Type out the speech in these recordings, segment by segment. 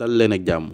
dal leen ak jàmm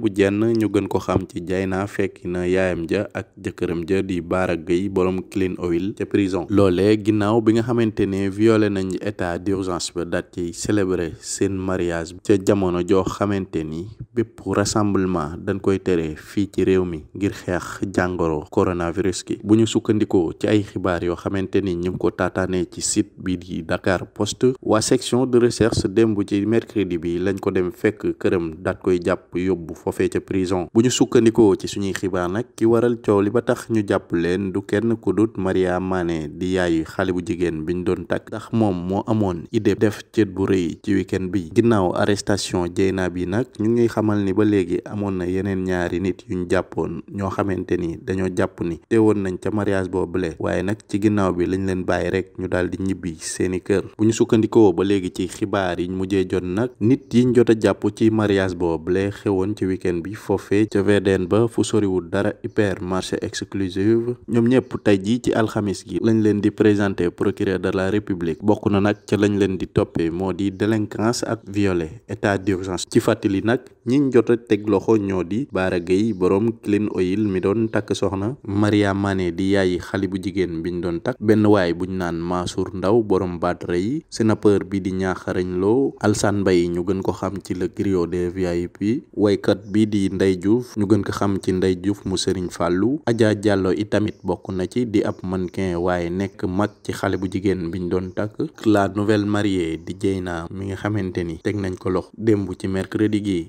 bu jenn ñu gën ko xam ci Dieyna fekki na yaayam ja ak jëkkëram ja di Bara Gueye borom Clean Oil ca prison loole ginnaaw bi nga xamante ne violé nañ état d'urgence ba daat ci célébrer seen mariage ca jamono joo xamante ni bépp rassemblement dañ koy tere fii ci réew mi ngir xeex jàngoro coronavirus gi bu ñu sukkandikoo ci ay xibaar yoo xamante ni ñu ko taataane ci site bi di Dakar Post waa section de recherche démb ci mercredi bi lañ ko dem fekk këram daat koy jàpp yóbbu foofee ca prison bu ñu sukkandikoo ci suñuy xibaar nag ki waral coow li ba tax ñu jàpp leen du kenn ku dut Maria Mané di yaayu xale bu jigéen bi ñu doon takk ndax moom moo amoon idée def cët bu rëy ci week bi ginnaaw arrestation Dieyna bi nag ñu ngi xamal ni ba léegi amoon na yeneen ñaari nit yuñ jàppoon ñoo xamante ni dañoo jàpp ni te woon nañ ca mariage boobule waaye nag ci ginnaaw bi lañ leen bàyyi rek ñu daal di ñibbi seeni kër bu ñu sukkandikoo ba léegi ci xibaar yiñ mujjee jot nag nit yiñ jot a jàpp ci mariage embouteillage boobule xewoon ci weekend bi foofee ca VDN ba fu soriwul dara hypermarché exclusive ñoom ñëpp tey jii ci alxamis yi lañ leen di présenter procureur de la république bokk na nag ca lañ leen di toppee moo di délinquance ak violé état d'urgence ci fàttali nag ñi jot teg loxo ñoo di Bara Gueye boroom Clean Oil mi doon takk soxna Maria Mané di yaayi xale bu jigéen biñ doon takk benn waay buñ naan Mansour Ndaw boroom baatre yi sénateur bi di ñaaxarañ loo VIP woykat bii di Ndeye Diouf ñu gën ko xam ci Ndeye Diouf mu Serigne Fallou Adja Diallo itamit bokk na ci di ab mannequin waaye nekk mag ci xale bu jigéen bi ñu doon takk la nouvelle mariée di naa mi nga xamante ni teg nañ ko lox démb ci mercredi gi